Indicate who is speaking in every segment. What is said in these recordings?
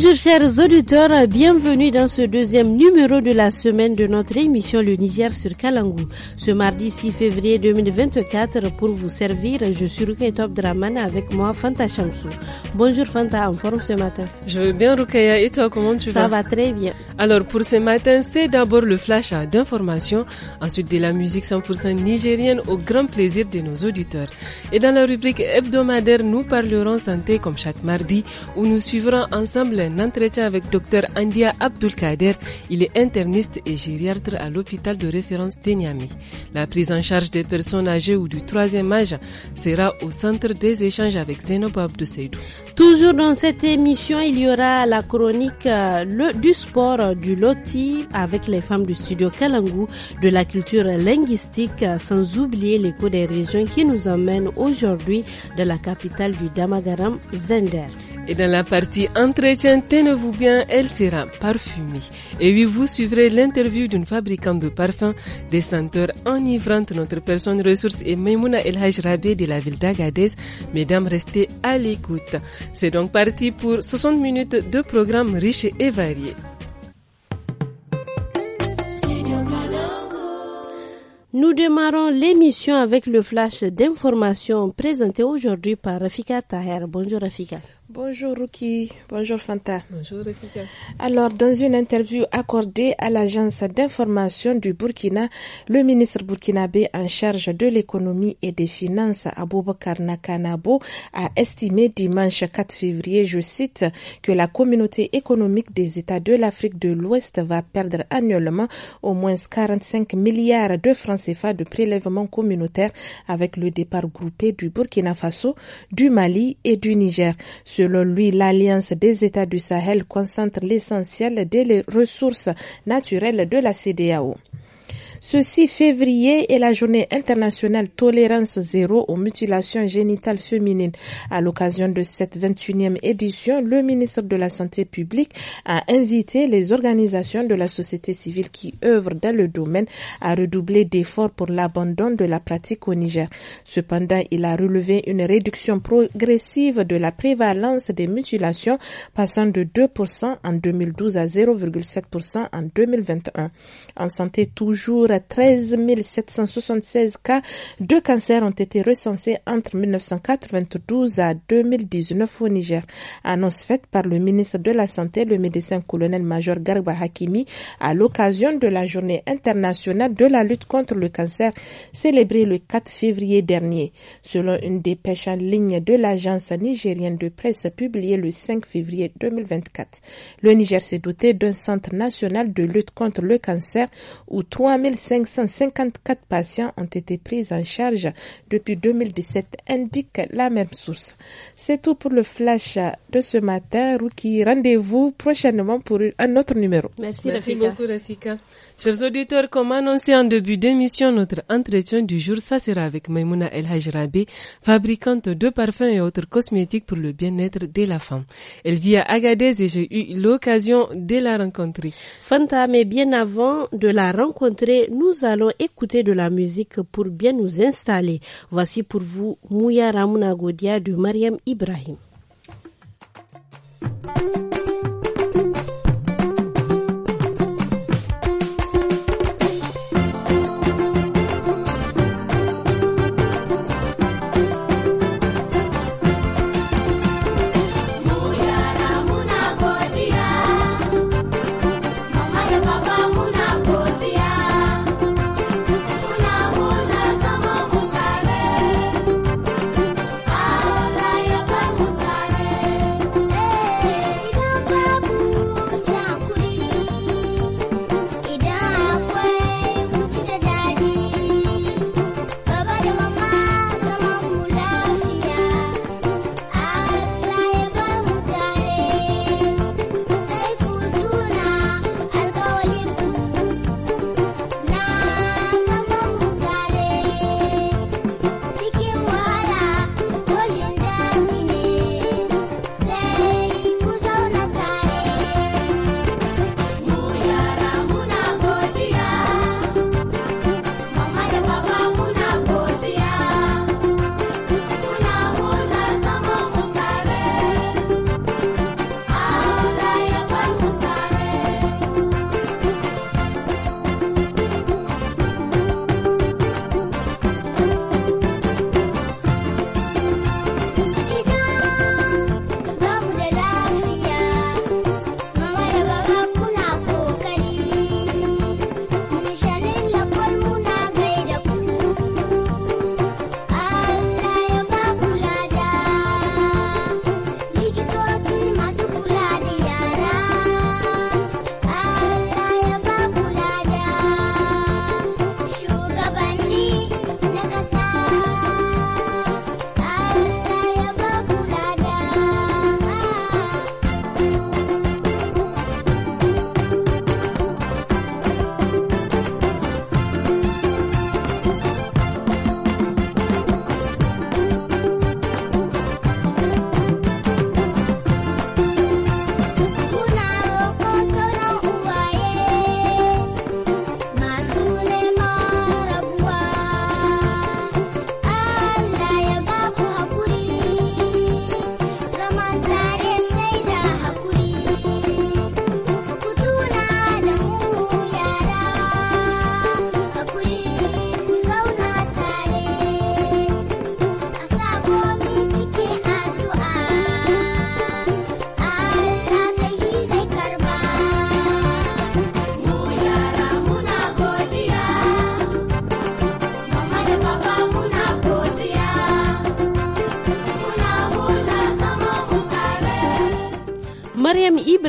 Speaker 1: Bonjour chers auditeurs, bienvenue dans ce deuxième numéro de la semaine de notre émission Le Niger sur Kalangou. Ce mardi 6 février 2024, pour vous servir, je suis Rukai Top Draman avec moi Fanta Shamsou. Bonjour Fanta, en forme ce matin Je veux bien Rukaya
Speaker 2: et toi comment tu Ça vas Ça va très bien. Alors pour ce matin, c'est d'abord le flash d'informations, ensuite de la musique 100% nigérienne au grand plaisir de nos auditeurs. Et dans la rubrique hebdomadaire, nous parlerons santé comme chaque mardi où nous suivrons ensemble un entretien avec Dr Andia Abdulkader. Il est interniste et gériatre à l'hôpital de référence de La prise en charge des personnes âgées ou du troisième âge sera au centre des échanges avec de Seydou.
Speaker 1: Toujours dans cette émission, il y aura la chronique euh, du sport euh, du loti avec les femmes du studio Kalangu, de la culture linguistique, euh, sans oublier l'écho des régions qui nous emmène aujourd'hui de la capitale du Damagaram, Zender.
Speaker 2: Et dans la partie entretien, tenez-vous bien, elle sera parfumée. Et oui, vous suivrez l'interview d'une fabricante de parfums, des senteurs enivrantes. Notre personne ressource est Maimouna El Rabé de la ville d'Agadez. Mesdames, restez à l'écoute. C'est donc parti pour 60 minutes de programme riche et varié.
Speaker 1: Nous démarrons l'émission avec le flash d'information présenté aujourd'hui par Rafika Taher. Bonjour Rafika.
Speaker 3: Bonjour Ruki, bonjour Fanta. Bonjour Rukika. Alors, dans une interview accordée à l'agence d'information du Burkina, le ministre burkinabé en charge de l'économie et des finances, Aboubakar Nakanabo, a estimé dimanche 4 février, je cite, que la communauté économique des États de l'Afrique de l'Ouest va perdre annuellement au moins 45 milliards de francs CFA de prélèvements communautaires avec le départ groupé du Burkina Faso, du Mali et du Niger. Selon lui, l'Alliance des États du Sahel concentre l'essentiel des ressources naturelles de la CDAO. Ce 6 février est la journée internationale tolérance zéro aux mutilations génitales féminines. À l'occasion de cette 21e édition, le ministre de la Santé publique a invité les organisations de la société civile qui œuvrent dans le domaine à redoubler d'efforts pour l'abandon de la pratique au Niger. Cependant, il a relevé une réduction progressive de la prévalence des mutilations passant de 2% en 2012 à 0,7% en 2021. En santé toujours, 13 776 cas de cancer ont été recensés entre 1992 à 2019 au Niger. Annonce faite par le ministre de la Santé, le médecin colonel-major Garba Hakimi, à l'occasion de la journée internationale de la lutte contre le cancer célébrée le 4 février dernier. Selon une dépêche en ligne de l'agence nigérienne de presse publiée le 5 février 2024, le Niger s'est doté d'un centre national de lutte contre le cancer où 3000 554 patients ont été pris en charge depuis 2017, indique la même source. C'est tout pour le flash de ce matin. Rouki, rendez-vous prochainement pour un autre numéro. Merci, beaucoup,
Speaker 2: Rafika. Chers auditeurs, comme annoncé en début d'émission, notre entretien du jour, ça sera avec Maimouna El Hajrabi, fabricante de parfums et autres cosmétiques pour le bien-être de la femme. Elle vit à Agadez et j'ai eu
Speaker 1: l'occasion de la rencontrer. Fanta, mais bien avant de la rencontrer, nous allons écouter de la musique pour bien nous installer. Voici pour vous Mouya Ramuna Godia de Mariam Ibrahim.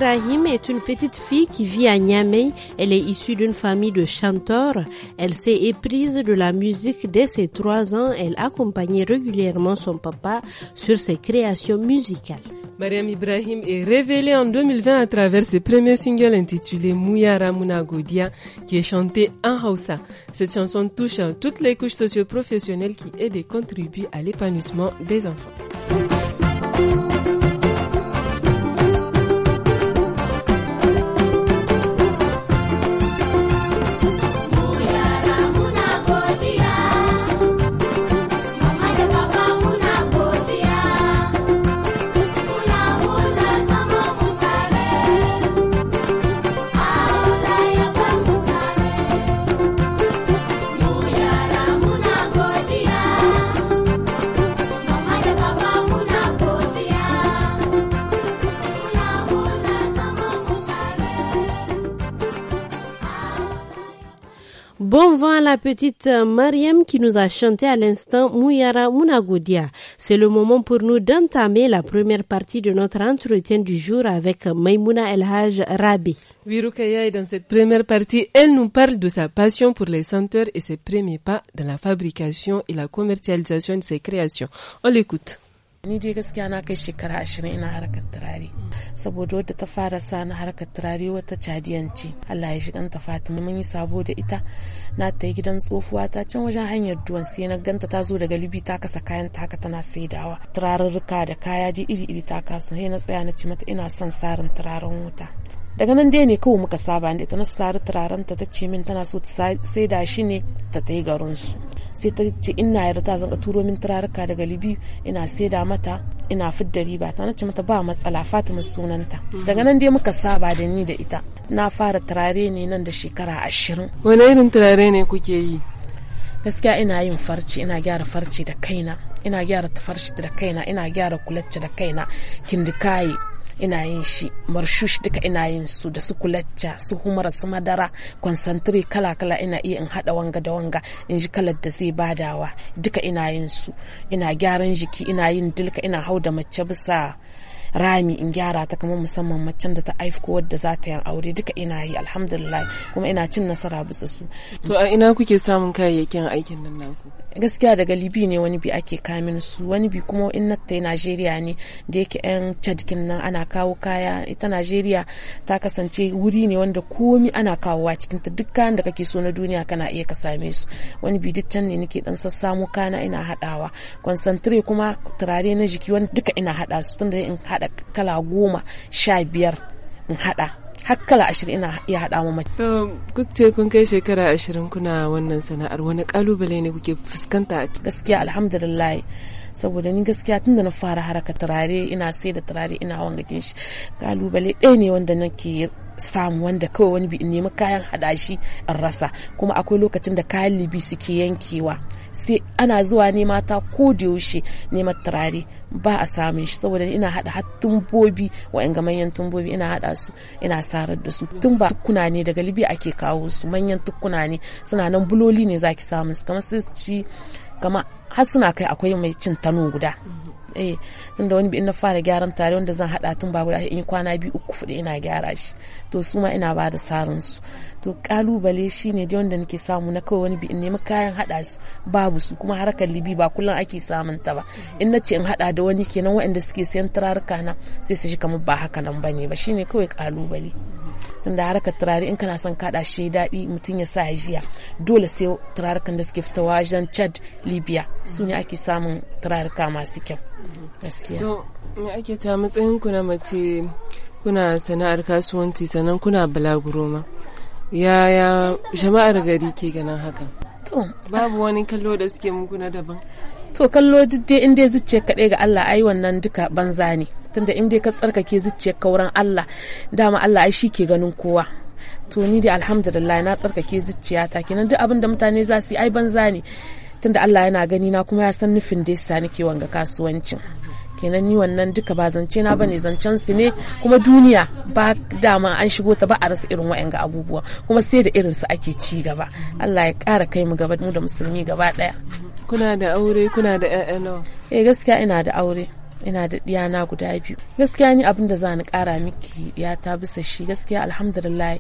Speaker 1: Ibrahim est une petite fille qui vit à Niamey. Elle est issue d'une famille de chanteurs. Elle s'est éprise de la musique dès ses trois ans. Elle accompagnait régulièrement son papa sur ses créations musicales.
Speaker 2: Mariam Ibrahim est révélée en 2020 à travers ses premiers singles intitulés Mouyara Munagodia, qui est chanté en Hausa. Cette chanson touche toutes les couches socioprofessionnelles qui aident et contribuent à l'épanouissement des enfants.
Speaker 1: petite euh, Mariam qui nous a chanté à l'instant Mouyara Mounagodia. C'est le moment pour nous d'entamer la première partie de notre entretien du jour avec Maimouna Elhaj Rabi.
Speaker 2: Virukaya est dans cette première partie. Elle nous parle de sa passion pour les senteurs et ses premiers pas dans la fabrication et la commercialisation de ses créations. On l'écoute.
Speaker 4: ni dai gaskiya na kai shekara ashirin ina harkar turare saboda wadda ta fara sa na harkar turare wata cadiyanci allah ya shi ta fatima mun yi sabo da ita na ta yi gidan tsofuwa ta can wajen hanyar duwan sai na ganta ta zo daga libi ta kasa kayan ta haka tana saidawa turarurruka da kaya dai iri iri ta kasu sai na tsaya na ci mata ina son sarin turaren wuta daga nan dai ne kawai muka saba da ita na sari turaren ta ta ce min tana so ta saida shi ne ta ta yi garinsu sai ta ce ina yarda zan turo min turaruka daga libi ina saida mata ina fidda riba ta nace mata ba matsala fatima sunanta daga nan dai muka saba da ni da ita na fara turare ne nan da shekara ashirin wani irin turare ne kuke yi gaskiya ina yin farci ina gyara farci da kaina ina gyara tafarci da kaina ina gyara kulacce da kaina kindikaye ina yin shi marshush duka ina yin su da su kulacca su humara su madara concentrate kala kala ina iya in hada wanga da wanga in ji kalar da zai badawa duka ina yin su ina gyaran jiki ina yin dilka ina hau da mace bisa rami in gyara ta kamar musamman macen da ta aiko wadda za ta yi aure duka ina yi alhamdulillah kuma ina cin nasara bisa su to a ina kuke samun kayayyakin aikin nan naku gaskiya daga libi ne wani bi ake kamin su wani bi kuma in na ta najeriya ne da yake yan cadkin nan ana kawo kaya ita najeriya ta kasance wuri ne wanda komi ana kawowa cikin ta duk kayan da kake so na duniya kana iya ka same su wani bi duk can ne nake dan sassamu kana ina hadawa concentrate kuma turare na jiki wani duka ina hada su tunda haɗa kala goma sha biyar in haɗa har kala ashirin ina iya haɗa ma mace.
Speaker 2: Kuk ce kun kai shekara ashirin kuna wannan
Speaker 4: sana'ar wani kalubale ne kuke fuskanta a Gaskiya alhamdulillah saboda ni gaskiya tun da na fara haraka turare ina sai da turare ina wanga shi kalubale ɗaya ne wanda nake samu wanda kawai wani bi nemi kayan hadashi in rasa kuma akwai lokacin da kayan libi suke yankewa sai ana zuwa nema ta ko da yaushe neman turare ba a samun shi saboda ina hada har tumbobi wa'anga manyan tumbobi ina hada su ina sarar da su tun ba tukuna ne daga libya ake kawo su manyan tukuna ne suna nan buloli ne zaki samun su kamar su ci kamar har suna kai akwai mai cin tano guda eh tunda wani bin na fara gyaran tare wanda zan hada tun ba guda in kwana biyu uku fudu ina gyara shi to su ma ina ba da sarin su to kalubale shine da wanda nake samu na kawai wani bi in nemi kayan hada su babu su kuma harkar libi ba kullum ake samun ta ba in nace in hada da wani kenan waɗanda suke sayan turaruka na sai su shi kamar ba haka nan bane ba shine kawai kalubale tunda harkar turare in kana son kada shi daɗi mutum ya sa jiya dole sai turarukan da suke fita wajen chad libya su ne ake samun turaruka masu kyau gaskiya to
Speaker 2: me ake ta matsayin ku na mace kuna sana'ar kasuwanci sannan kuna balaguro ma yaya jama'ar gari ke ganin haka to babu wani kallo da suke muku na daban
Speaker 4: to kallo dai in dai zuciya kaɗai ga Allah ai wannan duka banza ne tunda in dai ka tsarkake zuciya kauran Allah dama Allah ai shi ke ganin kowa to ni dai alhamdulillah na tsarkake ta kenan duk abin da mutane za su yi ai banza ne tunda Allah yana gani na kuma ya san nufin da yasa nake wanga kasuwancin kenan ni wannan duka ba zance na bane zancen su ne kuma duniya ba dama an shigo ta ba a rasa irin wa'anga abubuwa kuma sai da irin su ake ci gaba Allah ya kara kai mu gaba mu da musulmi gaba daya kuna da aure kuna da ƴaƴa nawa eh gaskiya ina da aure ina da ɗiyana guda biyu gaskiya ni abin da za ni kara miki ya ta bisa shi gaskiya alhamdulillah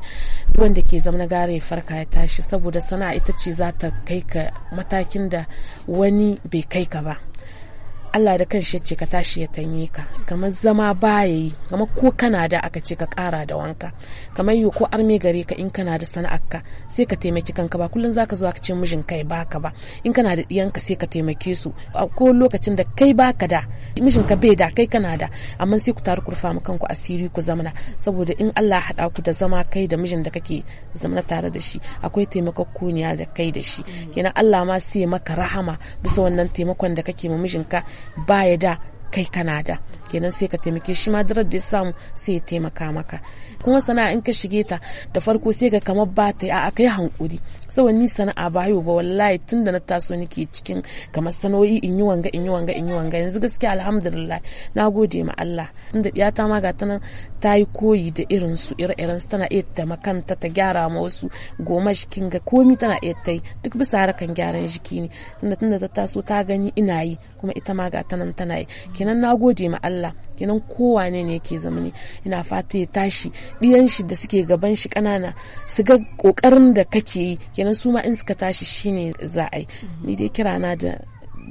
Speaker 4: wanda ke zama na gara ya farka ya tashi saboda sana'a ita ce za ta kai ka matakin da wani bai kai ka ba Allah da shi ce ka tashi ya tanye ka kamar zama baya yi kamar ko kana da aka ce ka kara da wanka kamar yi ko arme gare ka in kana da ka sai ka taimaki kanka ba kullum zaka zo ka ce mijin kai baka ba in kana da diyanka sai ka taimake su a ko lokacin da kai baka da mijin ka bai da kai kana da amma sai ku taru ku rufa mu kanku asiri ku zamana saboda in Allah haɗa ku da zama kai da mijin da kake zamana tare da shi akwai taimakon da kai da shi mm. kenan Allah ma sai maka rahama bisa wannan taimakon da kake ma mijinka baya da kai kana da kenan sai ka taimake shi ma darar da ya samu sai ya taimaka maka kuma sana'a in ka shige ta da farko sai ka kamar ba ta a kai hankuri saboda wani sana'a ba ba wallahi tun da na taso nake cikin kamar sanoyi in yi wanga in yi wanga in yi wanga yanzu gaskiya alhamdulillah na gode ma Allah tunda iyata ma ga tanan ta yi koyi da irin su ire-iren tana iya taimakanta ta gyara ma wasu goma shikin ga komi tana iya ta yi duk bisa harkan gyaran jiki ne tunda tunda ta taso ta gani ina yi kuma ita ma ga tanan tana yi kenan na gode ma Allah kenan kowane ne yake zama ne ina fata ya tashi diyan shi da suke gaban shi kanana su ga kokarin da kake yi kenan su ma in suka tashi shine za a yi ni dai kira na da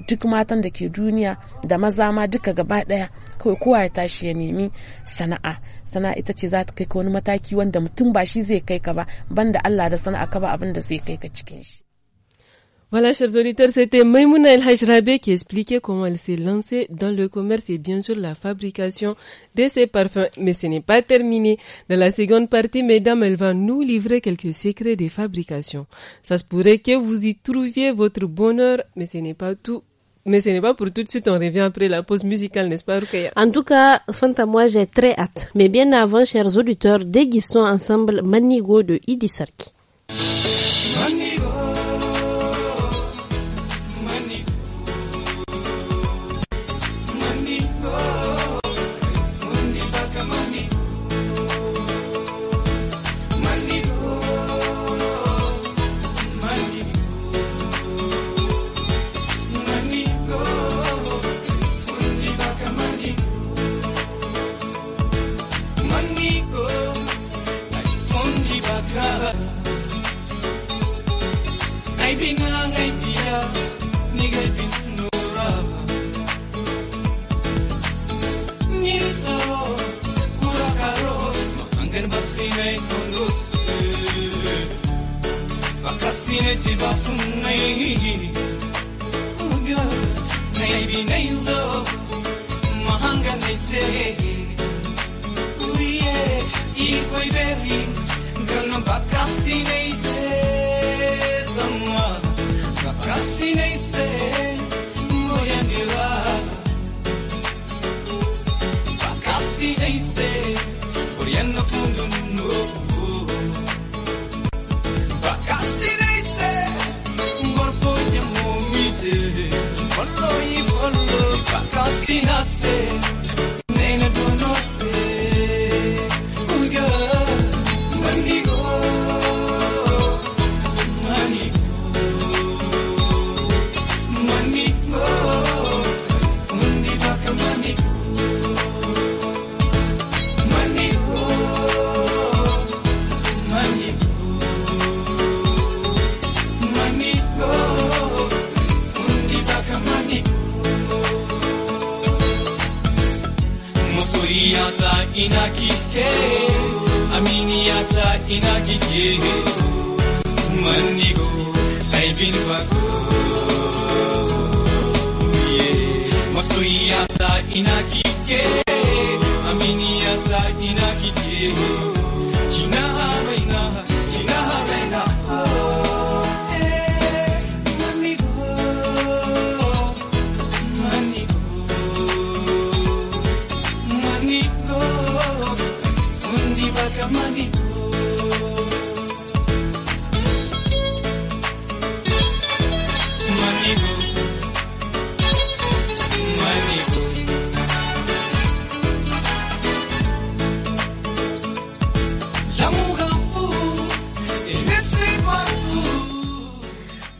Speaker 4: duk matan da ke duniya da maza ma duka gaba daya kawai kowa ya tashi ya nemi sana'a sana'a ita ce za ta kai ka wani mataki wanda mutum ba shi zai kai ka ba banda Allah da sana'a ka ba abin da zai kai ka cikin shi
Speaker 2: Voilà, chers auditeurs, c'était Maimouna El Hajrabe qui expliquait comment elle s'est lancée dans le commerce et bien sûr la fabrication de ses parfums. Mais ce n'est pas terminé. Dans la seconde partie, mesdames, elle va nous livrer quelques secrets des fabrication. Ça se pourrait que vous y trouviez votre bonheur, mais ce n'est pas tout. Mais ce n'est pas pour tout de suite, on revient après la pause musicale, n'est-ce pas, Rukaya
Speaker 1: En tout cas, à moi j'ai très hâte. Mais bien avant, chers auditeurs, déguisons ensemble Manigo de Idi Sarki.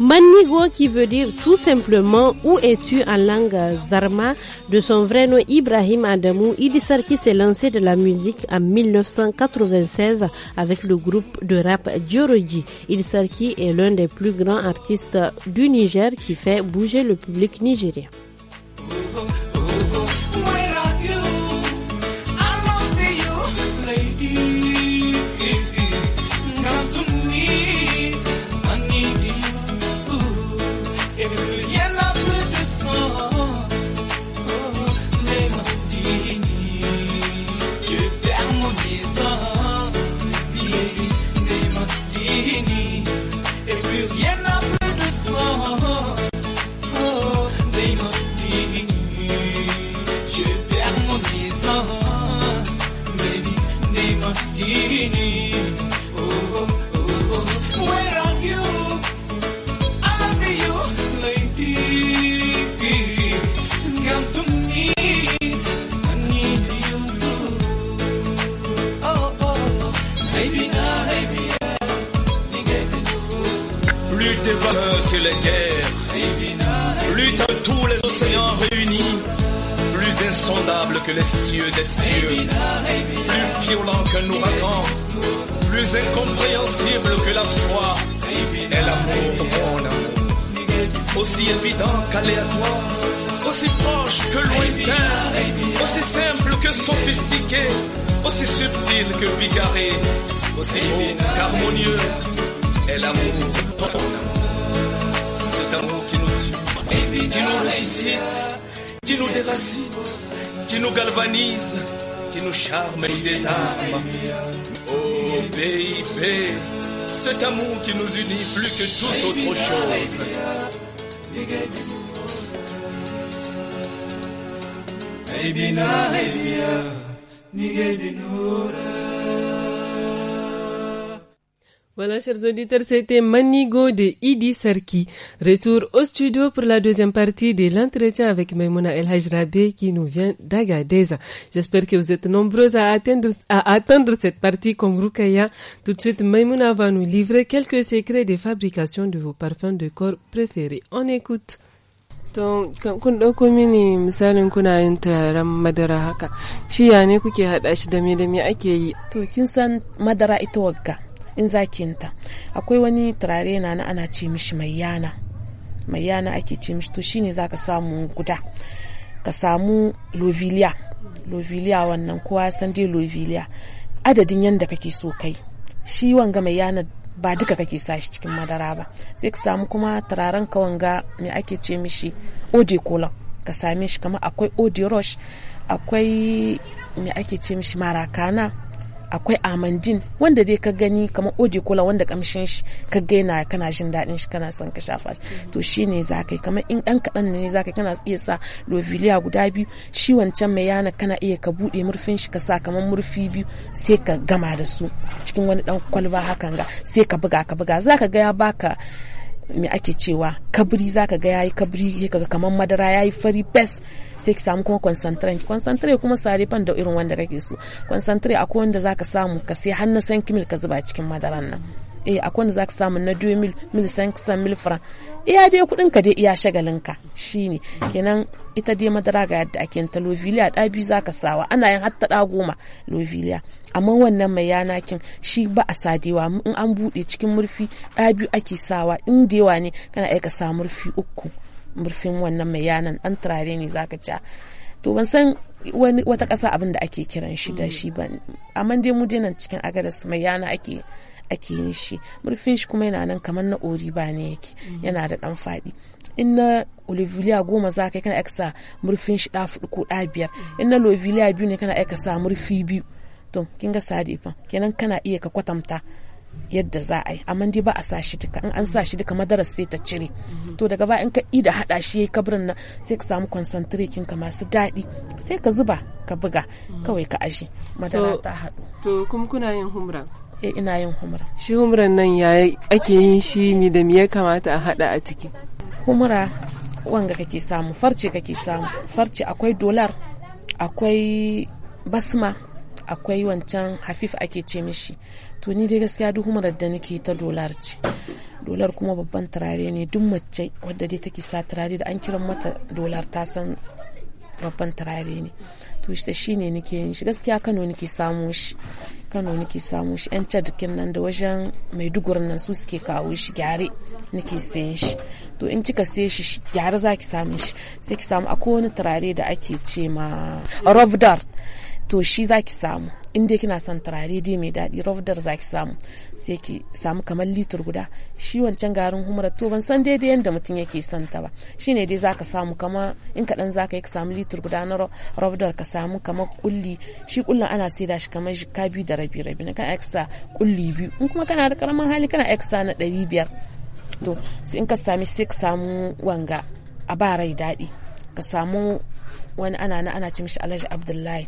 Speaker 1: Manigo qui veut dire tout simplement où es-tu en langue zarma. De son vrai nom Ibrahim Adamou, Sarki s'est lancé de la musique en 1996 avec le groupe de rap Djoroji. Sarki est l'un des plus grands artistes du Niger qui fait bouger le public nigérien.
Speaker 5: que les cieux des cieux, plus violent nous ouragan, plus incompréhensible que la foi est l'amour, mon amour. Aussi évident qu'aléatoire, aussi proche que lointain, aussi simple que sophistiqué, aussi subtil que bigarré, aussi harmonieux. qu'harmonieux est l'amour, amour. Cet amour qui nous tue, qui nous ressuscite, qui nous déracine qui nous galvanise, qui nous charme et désarme. Oh baby, cet amour qui nous unit plus que toute autre chose. Uh,
Speaker 2: voilà, chers auditeurs, c'était Manigo de Idi Sarki. Retour au studio pour la deuxième partie de l'entretien avec Maimuna El Hajrabe qui nous vient d'Agadeza. J'espère que vous êtes nombreux à attendre, à attendre cette partie comme Rukaya. Tout de suite, Maimouna va nous livrer quelques secrets de fabrication de vos parfums de corps préférés. On écoute.
Speaker 4: in ta akwai wani turare na ana ce mishi mai yana mai yana ake ce mishi to shine zaka samu guda ka samu lovilia lovilia wannan kowa san dai lovilia adadin yanda kake so kai shi wanga mai yana ba duka kake sa shi cikin madara ba sai ka samu kuma turaren ka wanga mai ake ce mishi ode kolon ka same shi kamar akwai ode rush akwai mai ake ce mishi marakana akwai amandin wanda dai ka gani kamar oje kola wanda kamshin shi ka gaina kana jin daɗin shi kana son ka shafa mm-hmm. to shi ne za ka yi kamar in ɗan kaɗan ne za ka kana iya sa loviliya guda biyu shi wancan mai yana kana iya ka buɗe murfin shi ka sa kamar murfi biyu sai ka gama da su cikin wani dan kwalba hakan ga sai ka buga ka buga za ka ga ya baka me ake cewa kabri zaka ga yayi kabri kaga kamar madara yayi fari bes sai ki samu kuma concentrate concentrate kuma sare fan da irin wanda kake so concentrate akwai wanda zaka samu ka sai har na san kimil ka zuba cikin madaran nan eh akwai wanda zaka samu na 2 mil mil mil iya dai kudin ka dai iya shagalin ka shine kenan ita dai madara ga yadda ake ta lovilia da za zaka sawa ana yin hatta da goma lovilia amma wannan mai yana kin shi ba a sadewa in an bude cikin murfi da biyu ake sawa in da yawa ne kana aika sa murfi uku murfin wannan mai yanan dan turare ne zaka ja to ban san wani wata ƙasa abin da ake kiran shi da shi ba amma dai mu dai nan cikin agadas mai yana ake ake yin murfin shi kuma yana nan kamar na ori ba ne yake mhm. yana da dan faɗi in na goma za ka kana aika sa murfin shi ɗa fudu ko ɗa biyar mhm. in na oliviliya biyu ne kana aika sa murfi biyu to kin ga sadifa kenan kana iya ka kwatanta yadda za a yi amma dai ba a sa shi duka in an sa shi duka madaras sai ta cire mhm. to daga baya in ka yi da hada shi yayi kabrin nan sai ka samu concentration ka masu daɗi sai ka zuba ka buga kawai ka ashe madara ta haɗu to kuma kuna yin humra e ina yin humra
Speaker 2: shi humran nan ya ake yin shi mi da me ya kamata a hada a ciki
Speaker 4: humra wanga kake samu farce kake samu farce akwai dolar akwai basma akwai wancan hafif ake ce mishi to ni dai gaskiya duk humrar da nake ta dolar ce dolar kuma babban turare ne duk mace wadda dai take sa turare da an kiran mata dolar ta san babban turare ne to shi da shi ne nake yin shi gaskiya kano nake samu shi kano nake samu shi yan cad nan da wajen maiduguri nan su suke kawo shi gyare nake sayan shi to in kika saye shi gyare za ki samu shi sai ki samu akwai wani turare da ake ce ma rovdar to shi za ki samu in dai kina son turare dai mai daɗi rovdar za ki samu sai ki samu kamar litur guda shi wancan garin humra to ban san daidai yadda mutum yake son ta ba shine dai zaka samu kama in kaɗan zaka yi ka samu litur guda na rovdar ka samu kamar kulli shi kullin ana saida shi kamar shika biyu da rabi rabi na kana extra kulli biyu in kuma kana da karamin hali kana extra na ɗari biyar to in ka sami sai ka samu wanga a ba rai daɗi ka samu wani ana na ana ce mishi alhaji abdullahi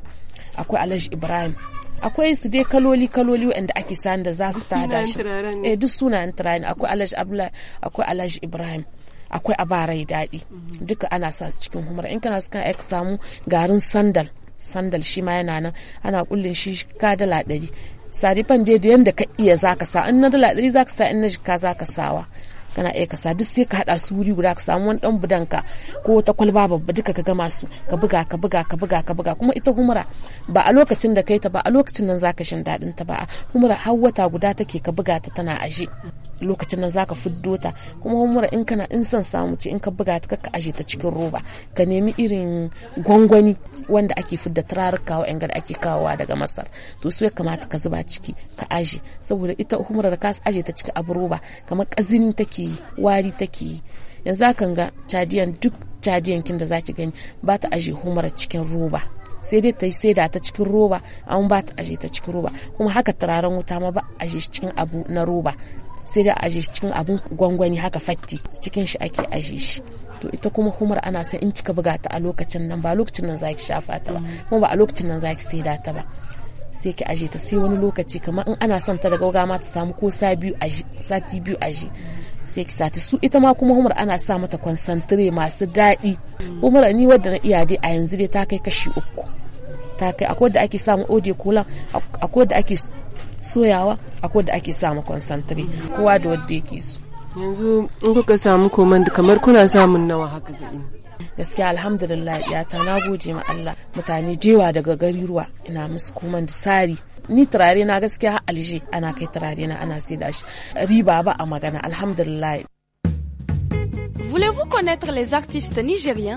Speaker 4: akwai alhaji ibrahim akwai su dai kaloli kaloli wanda ake sani da za su tada shi eh duk sunayen turare akwai alhaji abdullahi akwai alhaji ibrahim akwai abarai daɗi mhm. duka ana sa su cikin humar in kana suka aika samu garin sandal sandal shi ma yana nan ana kullin shi ka dala ɗari sarifan dai da yanda ka iya zaka sa in na dala ɗari zaka sa in na jika zaka sawa kana iya kasa duk sai ka hada su wuri guda ka samu wani dan ka ko wata kwalba babba duka ka gama su ka buga ka buga ka buga ka buga kuma ita humura ba a lokacin da kai ta ba a lokacin nan zaka shin dadin ta ba humura har wata guda take ka buga ta tana aje. lokacin nan zaka fiddo ta kuma mura in kana in san samu ce in ka buga ta ka aje ta cikin roba ka nemi irin gwangwani wanda ake fidda turaruka wa da ake kawowa daga masar to su ya kamata ka zuba ciki ka aje saboda ita umura da ka aje ta cikin abu roba kamar kazini take yi wari take yi yanzu akan ga cadiyan duk cadiyan kin da zaki gani ba ta aje humura cikin roba sai dai ta yi sai da ta cikin roba an ba ta aje ta cikin roba kuma haka turaren wuta ma ba aje cikin abu na roba sai da aje shi cikin abin gwangwani haka fatti cikin shi ake aje shi to ita kuma humar ana sai in kika buga ta a lokacin nan ba lokacin nan zaki shafa ta ba kuma ba a lokacin nan zaki saida ta ba sai ki aje ta sai wani lokaci kamar in ana son ta daga gauga ma ta samu ko sati biyu aji sai ki sati su ita ma kuma humar ana sa mata concentrate masu daɗi humar ni wadda na iya dai a yanzu dai ta kai kashi uku ta kai akwai da ake samu ode kula akwai da ake soyawa ko da ake samu concentrate kowa da wadda yake so yanzu in kuka samu koman kamar kuna samun nawa haka ga gaskiya alhamdulillah ya ta na goje ma Allah mutane jewa daga garuruwa ina musu koman da sari ni turare na gaskiya alje ana kai turare na ana da shi riba ba a magana alhamdulillah
Speaker 6: Voulez-vous connaître les artistes nigériens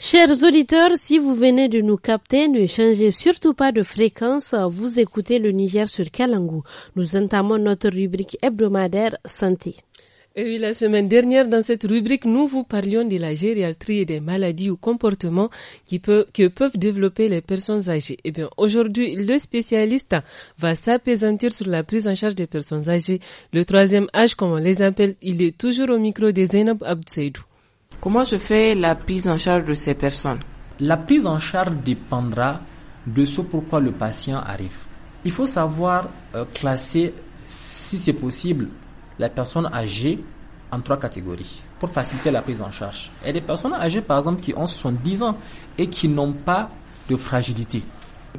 Speaker 1: Chers auditeurs, si vous venez de nous capter, ne changez surtout pas de fréquence. Vous écoutez le Niger sur Kalangou. Nous entamons notre rubrique hebdomadaire santé.
Speaker 2: Et la semaine dernière, dans cette rubrique, nous vous parlions de la gériatrie et des maladies ou comportements qui que peuvent développer les personnes âgées. Eh bien, aujourd'hui, le spécialiste va s'apaisantir sur la prise en charge des personnes âgées. Le troisième âge, comme on les appelle, il est toujours au micro des Zainab
Speaker 7: Abdseidou. Comment se fait la prise en charge de ces personnes La prise en charge dépendra de ce pourquoi le patient arrive. Il faut savoir euh, classer, si c'est possible, la personne âgée en trois catégories pour faciliter la prise en charge. Et des personnes âgées, par exemple, qui ont 70 ans et qui n'ont pas de fragilité.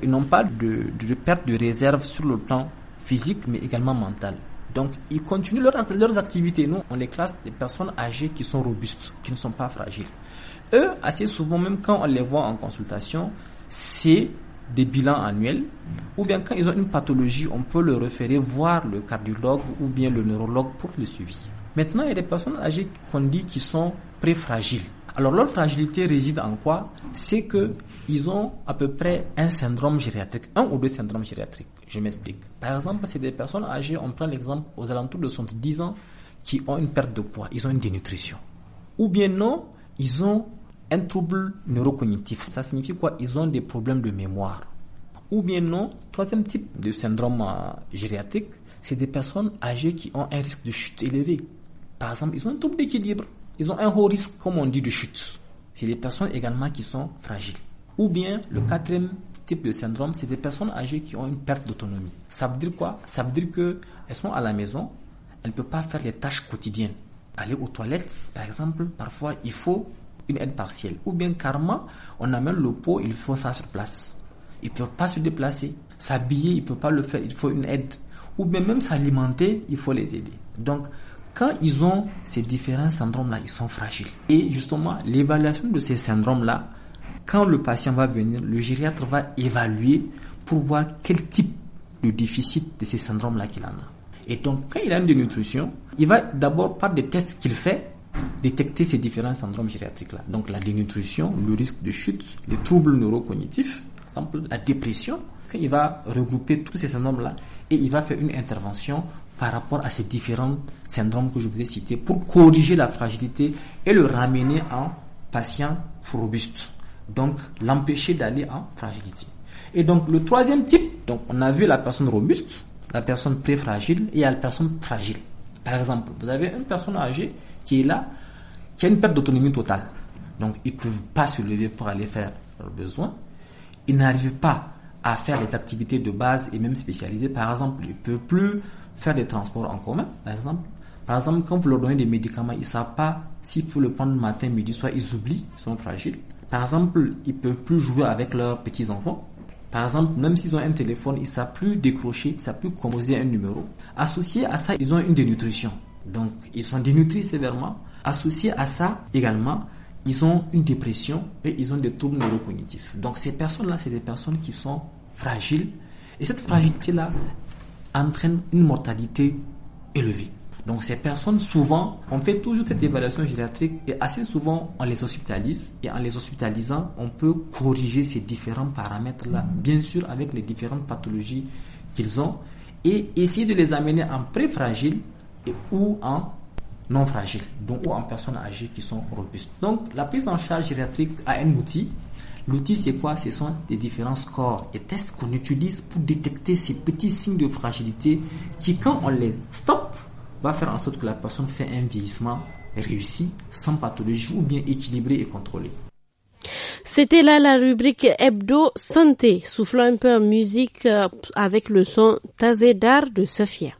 Speaker 7: Ils n'ont pas de perte de réserve sur le plan physique, mais également mental. Donc, ils continuent leurs activités. Nous, on les classe des personnes âgées qui sont robustes, qui ne sont pas fragiles. Eux, assez souvent, même quand on les voit en consultation, c'est des bilans annuels, ou bien quand ils ont une pathologie, on peut le référer voir le cardiologue ou bien le neurologue pour le suivi. Maintenant, il y a des personnes âgées qu'on dit qui sont fragiles. Alors leur fragilité réside en quoi C'est que ils ont à peu près un syndrome gériatrique, un ou deux syndromes gériatriques. Je m'explique. Par exemple, c'est des personnes âgées, on prend l'exemple aux alentours de 70 ans, qui ont une perte de poids, ils ont une dénutrition. Ou bien non, ils ont un trouble neurocognitif. Ça signifie quoi Ils ont des problèmes de mémoire. Ou bien non, troisième type de syndrome euh, gériatrique, c'est des personnes âgées qui ont un risque de chute élevé. Par exemple, ils ont un trouble d'équilibre ils ont un haut risque, comme on dit, de chute. C'est les personnes également qui sont fragiles. Ou bien le hmm. quatrième type de syndrome, c'est des personnes âgées qui ont une perte d'autonomie. Ça veut dire quoi Ça veut dire qu'elles sont à la maison, elles ne peuvent pas faire les tâches quotidiennes. Aller aux toilettes, par exemple, parfois il faut une aide partielle. Ou bien karma, on amène le pot, il faut ça sur place. Ils ne peuvent pas se déplacer. S'habiller, ils ne peuvent pas le faire, il faut une aide. Ou bien même s'alimenter, il faut les aider. Donc, quand ils ont ces différents syndromes-là, ils sont fragiles. Et justement, l'évaluation de ces syndromes-là, quand le patient va venir, le gériatre va évaluer pour voir quel type de déficit de ces syndromes-là qu'il en a. Et donc, quand il a une dénutrition, il va d'abord, par des tests qu'il fait, détecter ces différents syndromes gériatriques-là. Donc, la dénutrition, le risque de chute, les troubles neurocognitifs, la dépression. il va regrouper tous ces syndromes-là et il va faire une intervention par rapport à ces différents syndromes que je vous ai cités pour corriger la fragilité et le ramener en patient robuste. Donc, l'empêcher d'aller en fragilité. Et donc, le troisième type, donc on a vu la personne robuste, la personne très fragile et la personne fragile. Par exemple, vous avez une personne âgée qui est là, qui a une perte d'autonomie totale. Donc, ils ne peuvent pas se lever pour aller faire leurs besoins. Il n'arrive pas à faire les activités de base et même spécialisées. Par exemple, il ne peut plus faire des transports en commun, par exemple. Par exemple, quand vous leur donnez des médicaments, ils ne savent pas s'il faut le prendre matin, midi, soir, ils oublient, ils sont fragiles. Par exemple, ils ne peuvent plus jouer avec leurs petits-enfants. Par exemple, même s'ils ont un téléphone, ils ne savent plus décrocher, ils ne savent plus composer un numéro. Associé à ça, ils ont une dénutrition. Donc, ils sont dénutris sévèrement. Associé à ça également, ils ont une dépression et ils ont des troubles neurocognitifs. Donc, ces personnes-là, c'est des personnes qui sont fragiles. Et cette fragilité-là, entraîne une mortalité élevée. Donc ces personnes, souvent, on fait toujours cette évaluation gériatrique et assez souvent on les hospitalise et en les hospitalisant, on peut corriger ces différents paramètres-là, bien sûr avec les différentes pathologies qu'ils ont et essayer de les amener en pré-fragile et ou en non fragile, donc ou en personnes âgées qui sont robustes. Donc la prise en charge gériatrique a un outil L'outil, c'est quoi Ce sont des différents scores et tests qu'on utilise pour détecter ces petits signes de fragilité qui, quand on les stoppe, va faire en sorte que la personne fait un vieillissement réussi, sans pathologie ou bien équilibré et contrôlé.
Speaker 1: C'était là la rubrique hebdo santé. soufflant un peu en musique euh, avec le son d'Art de Sofia.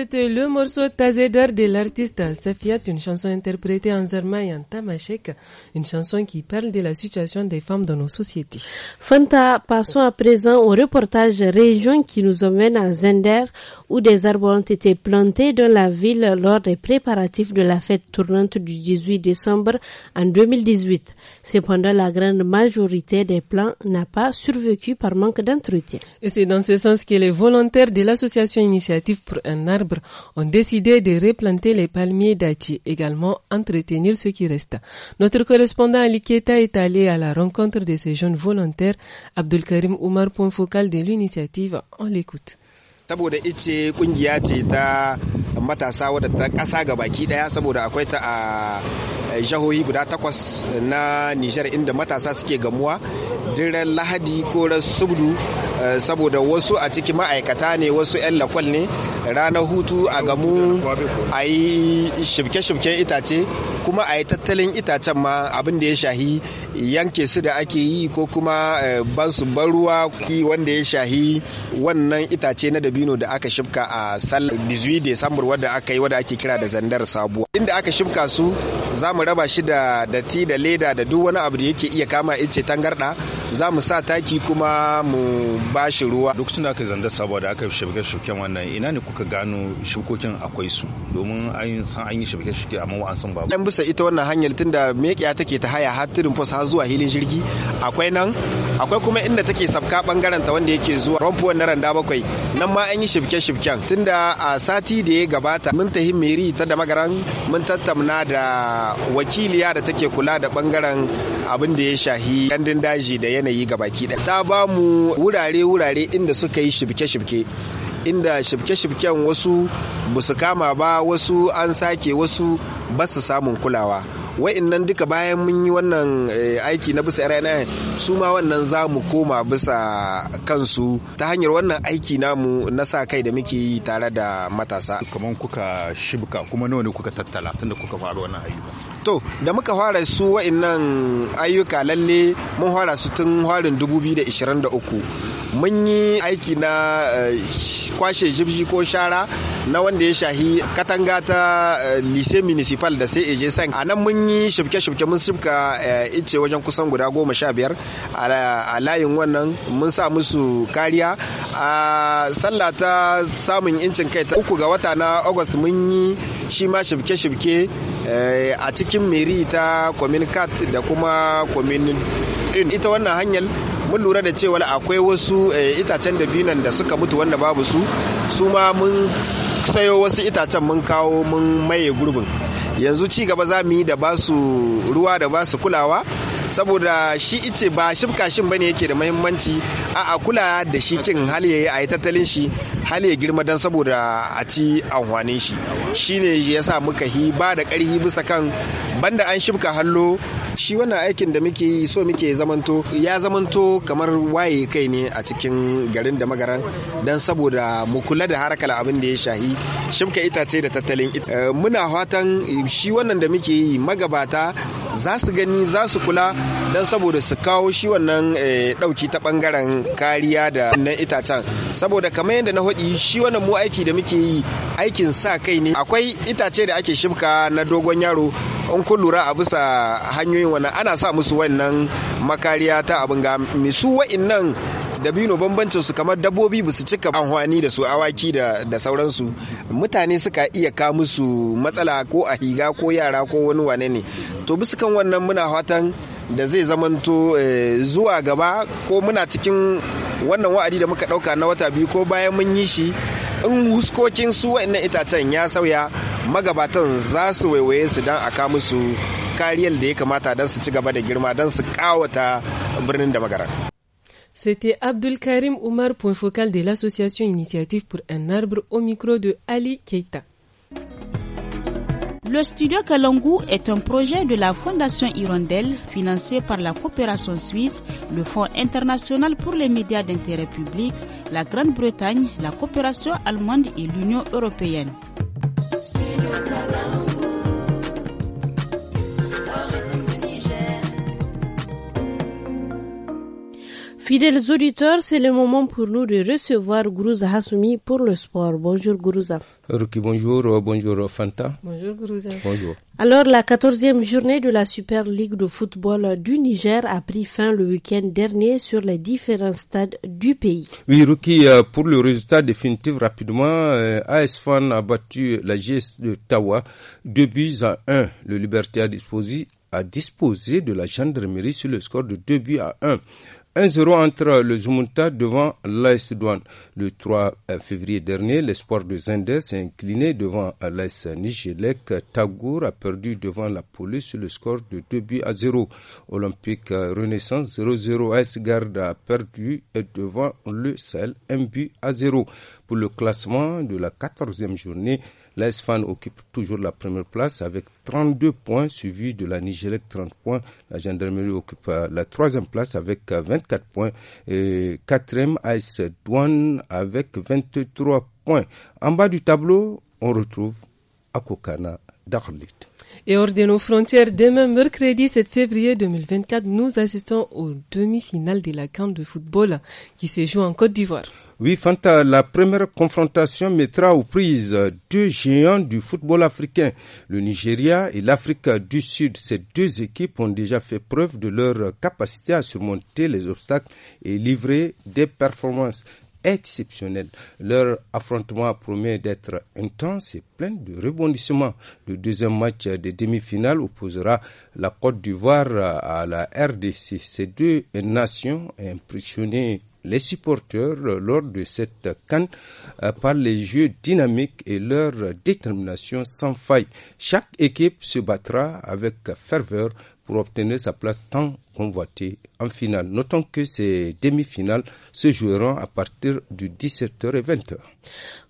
Speaker 2: c'était le morceau Tazeder de l'artiste Safiat, une chanson interprétée en Zerma et en Tamashek, une
Speaker 1: chanson qui parle de la situation des femmes dans nos sociétés. Fanta, passons à présent au reportage région qui nous emmène à Zender, où des arbres ont été plantés dans la ville lors des préparatifs de la fête tournante du 18 décembre en 2018. Cependant, la grande majorité des plans n'a pas survécu par manque d'entretien. Et c'est
Speaker 2: dans ce sens que les volontaires de l'association Initiative pour un arbre ont décidé de replanter les palmiers d'Ati, également entretenir ce qui reste. Notre correspondant Aliketa est allé à la rencontre de ces jeunes volontaires. Abdul Karim Oumar, point focal de l'initiative, on l'écoute.
Speaker 8: matasa wadda ta ƙasa ga baki ɗaya saboda akwai ta a jihohi guda takwas na Nijar inda matasa suke gamuwa dirar lahadi ko subdu eh, saboda wasu a cikin ma'aikata ne wasu 'yan lakwal ne ranar hutu a gamu a yi shimke-shimken itace kuma a yi tattalin itacen ma abin da ya shahi yanke su da ake yi ko kuma eh, ban su ban ki wanda ya shahi wannan itace na dabino da aka shibka a sallar 18 desambar wadda aka yi wadda ake kira da zandar sabuwa inda aka shimka su za mu raba shi da datti da leda da duk wani abu da yake iya kama ice tangarda za mu sa taki kuma mu ba shi ruwa duk tun da aka zandar sabuwa da aka shibge shuken wannan ina ne kuka gano shukokin akwai su domin an san an yi shibge shuke amma wa an san babu an bisa ita wannan hanyar tunda mekiya take ta haya har tudun fos har zuwa hilin jirgi akwai nan akwai kuma inda take sabka bangaren ta wanda yake zuwa rompuwan na randa bakwai nan ma an yi shibke shibken tunda a sati da ya gabata mun tahi meri ta da magaran mun tattauna da wakiliya da take kula da bangaren abin da ya shahi gandun daji da yanayi ga gabaki da ta ba mu wurare-wurare inda suka yi shibke-shibke inda shibke-shibken wasu busu kama ba wasu an sake wasu basu samun kulawa wa'annan duka bayan mun yi wannan eh, aiki na bisa rana su ma wannan za mu koma bisa kansu ta hanyar wannan aiki namu na sa kai da muke yi tare da matasa kamar kuka shibka kuma nawa ne kuka tattala tunda kuka fara wannan ayyuka to da muka fara su wa'annan ayyuka lalle mun fara su tun harin 2023 mun yi aiki na eh, kwashe jibji ko shara na wanda ya shahi katanga ta eh, lise municipal da sai eje san a nan mun yi shifke-shifke mun shifka eh, ice wajen kusan guda goma sha biyar a layin wannan mun sa musu kariya a sallah ta samun incin kai ta uku ga wata na august mun yi shi ma shifke-shifke a cikin meri ta communicat da kuma communin ita wannan hanyar mun lura da cewa akwai wasu eh, itacen dabinan da suka mutu wanda babu su su ma mun sayo wasu itacen mun kawo mun maye gurbin yanzu ci gaba za mu yi da basu ruwa da basu kulawa saboda shi ice ba shifka shin bane yake da muhimmanci a'a kula da shi kin hali yayi a yi tattalin shi Hali ya girma don saboda a ci amfanin shi ne ya sa muka hi ba da karhi bisa kan banda an shibka hallo shi wannan aikin da muke yi so muke zamanto ya zamanto kamar waye kai ne a cikin garin da magaran don saboda mu kula da harkar abin da ya shahi shibka itace da tattalin eh, muna fatan shi wannan da muke yi magabata za su gani za su kula don saboda su kawo shi wannan dauki eh, ta bangaren kariya da nan itacen saboda kamar yadda na daɗi e, shi wannan mu aiki da muke yi aikin sa kai ne akwai itace da ake shimka na dogon yaro in kun lura a bisa hanyoyin wannan ana sa musu wannan makariya ta abin ga su wa'innan dabino bambancin su kamar dabbobi ba su cika amfani da su awaki da da sauransu mutane suka iya ka musu matsala ko a higa ko yara ko wani wane ne to bisa kan wannan muna fatan da zai zamanto eh, zuwa gaba ko muna cikin wannan wa'adi da muka dauka na wata biyu ko bayan mun yi shi in huskokin su wa'annan itacen ya sauya magabatan za su waiwaye su dan aka musu kariyar da ya kamata don su ci gaba da girma don su kawata birnin da magara
Speaker 2: C'était Abdelkarim Oumar, point focal de l'association Initiative pour un arbre au micro de Ali Keita.
Speaker 4: Le studio Kalangu est un projet de la Fondation Hirondelle financé par la coopération suisse, le Fonds international pour les médias d'intérêt public, la Grande-Bretagne, la coopération allemande et l'Union européenne.
Speaker 1: Fidèles auditeurs, c'est le moment pour nous de recevoir Gourouza Hassoumi pour le sport. Bonjour Gourouza.
Speaker 9: Ruki, bonjour. Euh, bonjour euh, Fanta. Bonjour Gourouza. Bonjour.
Speaker 1: Alors, la 14e journée de la Super Ligue de football du Niger a pris fin le week-end dernier sur les différents stades du pays.
Speaker 9: Oui, Ruki, euh, pour le résultat définitif rapidement, AS Fan a battu la GS de Tawa 2 buts à 1. Le Liberté a disposé, a disposé de la gendarmerie sur le score de 2 buts à 1. 1-0 entre le Zumunta devant l'AS Douane. Le 3 euh, février dernier, l'espoir de Zender s'est incliné devant euh, l'AS Nigelek. Tagour a perdu devant la police le score de 2 buts à 0. Olympique euh, Renaissance 0-0 AS Garde a perdu devant le Sahel 1 but à 0. Pour le classement de la 14e journée, les occupe toujours la première place avec 32 points, suivi de la avec 30 points. La gendarmerie occupe euh, la troisième place avec 24 euh, points. Et quatrième, AS Douane avec 23 points. En bas du tableau, on retrouve Akokana Darlit.
Speaker 2: Et hors de nos frontières, demain mercredi 7 février 2024, nous assistons aux demi-finales de la campagne de football qui se joue en Côte d'Ivoire.
Speaker 9: Oui, Fanta, la première confrontation mettra aux prises deux géants du football africain, le Nigeria et l'Afrique du Sud. Ces deux équipes ont déjà fait preuve de leur capacité à surmonter les obstacles et livrer des performances exceptionnelles. Leur affrontement promet d'être intense et plein de rebondissements. Le deuxième match des demi-finales opposera la Côte d'Ivoire à la RDC. Ces deux nations impressionnées les supporters euh, lors de cette canne euh, par les jeux dynamiques et leur détermination sans faille. Chaque équipe se battra avec ferveur pour obtenir sa place tant convoitée en finale. Notons que ces demi-finales se joueront à partir du 17h et 20h.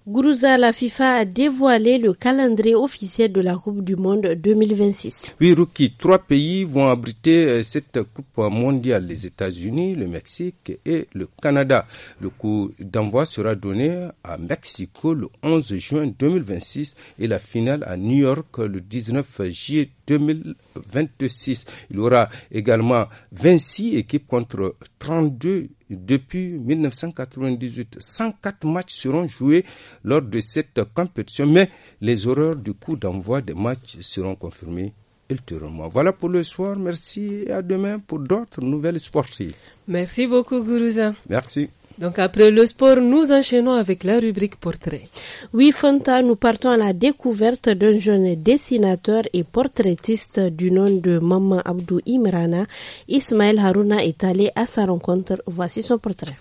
Speaker 1: Guruza la FIFA a dévoilé le calendrier officiel de la Coupe du Monde 2026.
Speaker 9: Oui, Rookie, trois pays vont abriter euh, cette Coupe mondiale, les États-Unis, le Mexique et le Canada. Le coup d'envoi sera donné à Mexico le 11 juin 2026 et la finale à New York le 19 juillet 2026. 26. Il y aura également 26 équipes contre 32 depuis 1998. 104 matchs seront joués lors de cette compétition, mais les horreurs du coup d'envoi des matchs seront confirmés ultérieurement. Voilà pour le soir. Merci et à demain pour d'autres nouvelles sportives.
Speaker 2: Merci beaucoup, Gourouza. Merci. Donc après le
Speaker 1: sport, nous enchaînons avec la rubrique portrait. Oui, Fanta, nous partons à la découverte d'un jeune dessinateur et portraitiste du nom de Maman Abdou Imrana. Ismaël Harouna est allé à sa rencontre. Voici son portrait.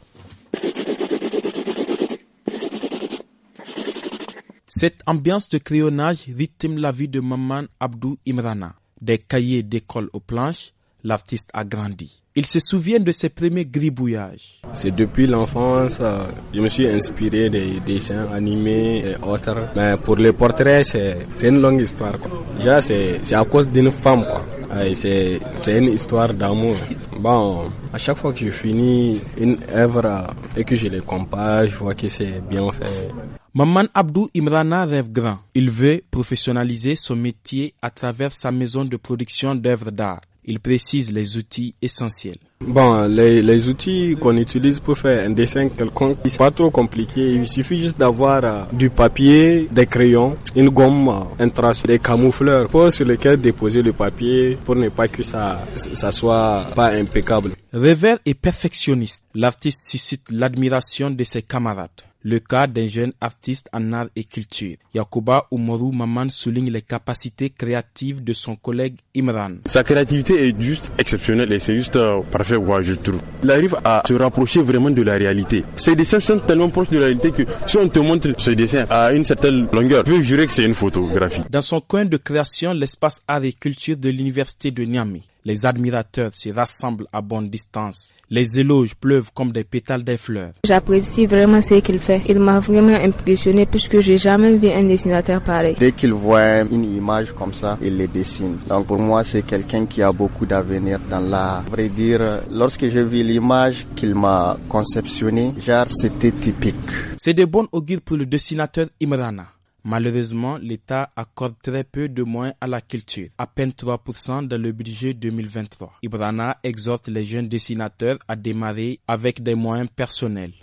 Speaker 10: Cette ambiance de crayonnage rythme la vie de Maman Abdou Imrana. Des cahiers d'école aux planches, l'artiste a grandi. Il se souvient de ses premiers gribouillages. C'est depuis l'enfance, euh, je me suis inspiré des dessins animés et autres. Mais pour les portraits, c'est une longue histoire. Quoi. Déjà, c'est à cause d'une femme. Quoi. C'est une histoire d'amour. Bon, à chaque fois que je finis une œuvre euh, et que je les compare, je vois que c'est bien fait. Maman Abdou Imrana rêve grand. Il veut professionnaliser son métier à travers sa maison de production d'œuvres d'art. Il précise les outils essentiels. Bon, les, les outils qu'on utilise pour faire un dessin quelconque, c'est pas trop compliqué. Il suffit juste d'avoir euh, du papier, des crayons, une gomme, euh, un trace, des camoufleurs pour sur lesquels déposer le papier pour ne pas que ça, ça soit pas impeccable. Revers et perfectionniste, l'artiste suscite l'admiration de ses camarades le cas d'un jeune artiste en art et culture. Yakuba Umaru Maman souligne les capacités créatives de son collègue Imran. Sa créativité est juste exceptionnelle et c'est juste euh, parfait, je trouve. Il arrive à se rapprocher vraiment de la réalité. Ses dessins sont tellement proches de la réalité que si on te montre ses dessins à une certaine longueur, tu peux jurer que c'est une photographie. Dans son coin de création, l'espace art et culture de l'université de Niamey, les admirateurs se rassemblent à bonne distance. Les éloges pleuvent comme des pétales des fleurs.
Speaker 6: J'apprécie vraiment ce qu'il fait. Il m'a vraiment impressionné puisque j'ai jamais vu un dessinateur pareil.
Speaker 10: Dès qu'il
Speaker 8: voit une image comme ça, il les dessine. Donc pour moi, c'est quelqu'un qui a beaucoup d'avenir dans
Speaker 10: l'art. Vrai dire, lorsque je vis l'image qu'il m'a conceptionnée, genre c'était typique. C'est de bon augure pour le dessinateur Imrana. Malheureusement, l'État accorde très peu de moyens à la culture, à peine 3% dans le budget 2023. Ibrana exhorte les jeunes dessinateurs à démarrer avec des moyens personnels.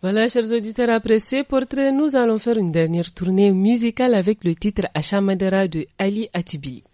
Speaker 2: Voilà, chers auditeurs appréciés, portrait, nous allons faire une dernière tournée musicale avec le titre Achamadera de Ali Atibi.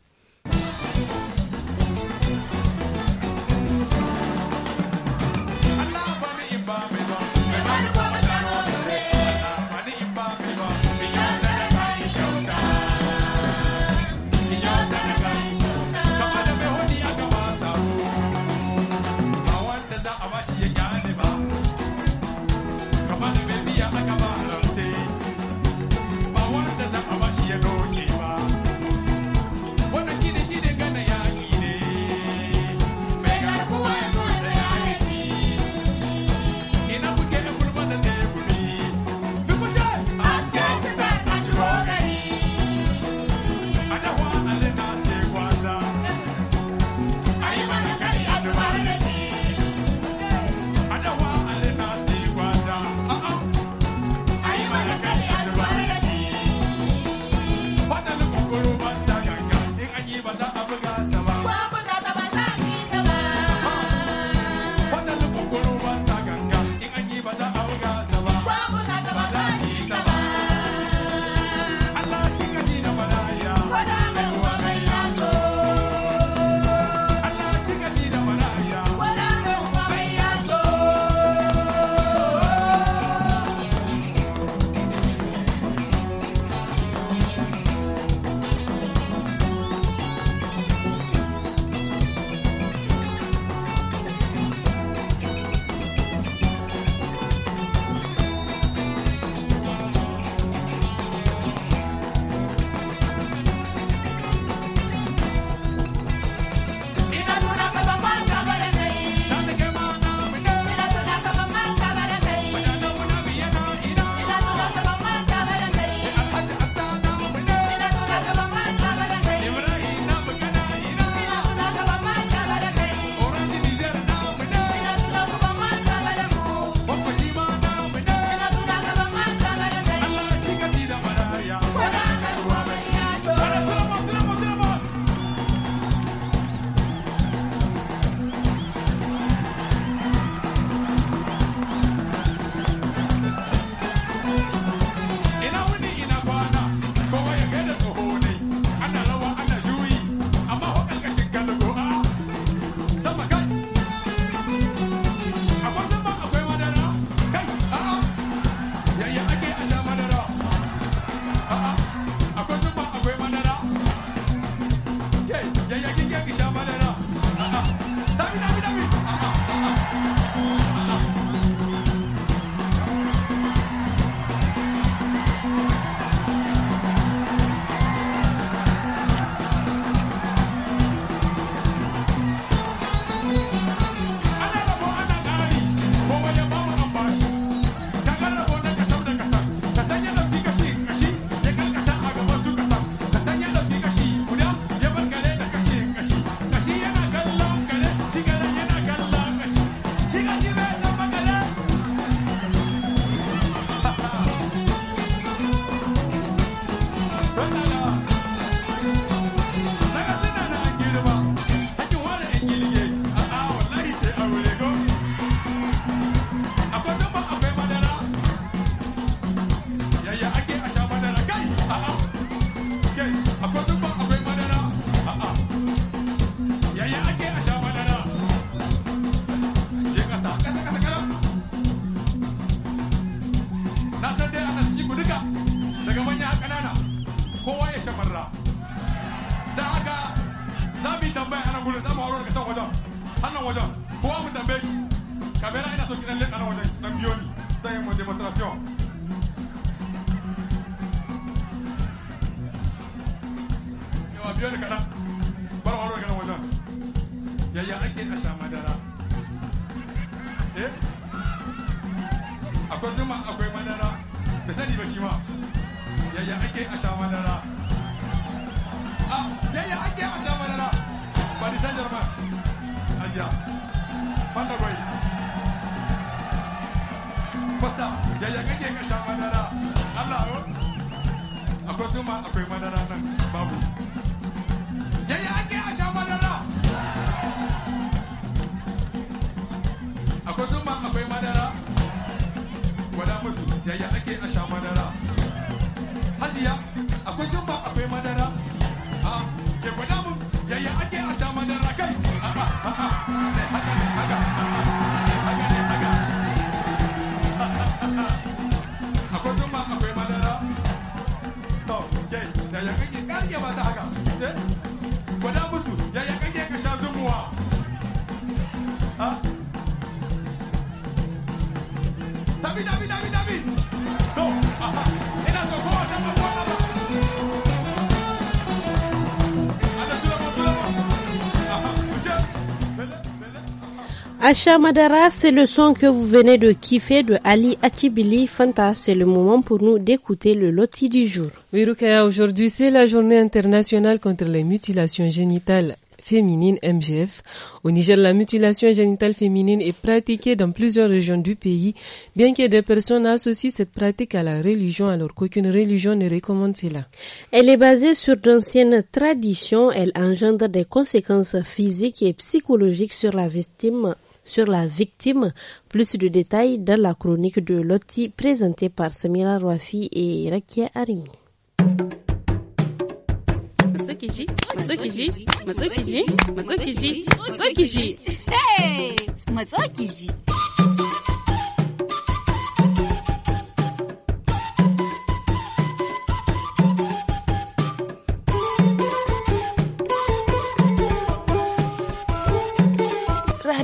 Speaker 1: Acha Madara, c'est le son que vous venez de kiffer de Ali Akibili Fanta. C'est le moment pour nous d'écouter le loti du jour.
Speaker 2: Oui, aujourd'hui, c'est la journée internationale contre les mutilations génitales féminines, MGF. Au Niger, la mutilation génitale féminine est pratiquée dans plusieurs régions du pays, bien que des
Speaker 1: personnes associent cette pratique à la religion alors qu'aucune religion ne recommande cela. Elle est basée sur d'anciennes traditions, elle engendre des conséquences physiques et psychologiques sur la victime sur la victime. Plus de détails dans la chronique de Lotti présentée par Samira Rouafi et Rakia Arimi.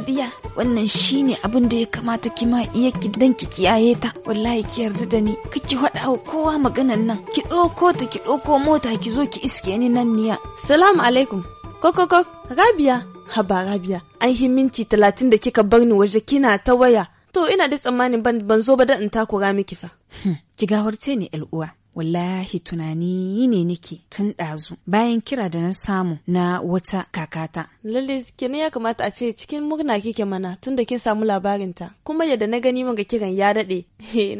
Speaker 11: lafiya wannan shine abin da ya kamata ki ma iya ki dan ki kiyaye
Speaker 6: ta wallahi ki yarda da ni kiki hada wa kowa maganan nan ki doko ta ki doko mota ki zo ki iske ni nan niya salamu alaikum kokoko rabiya haba rabiya an yi minti talatin da kika bar ni waje kina ta waya to ina da tsammanin ban zo ba da in takura miki fa
Speaker 11: hmm. ki gawarce ni uwa wallahi tunani ne nake tun ɗazu bayan kira da na samu na wata kakata.
Speaker 6: Lalle kenan ya kamata a ce cikin murna kike mana tun da kin samu labarinta kuma yadda na gani ga kiran ya daɗe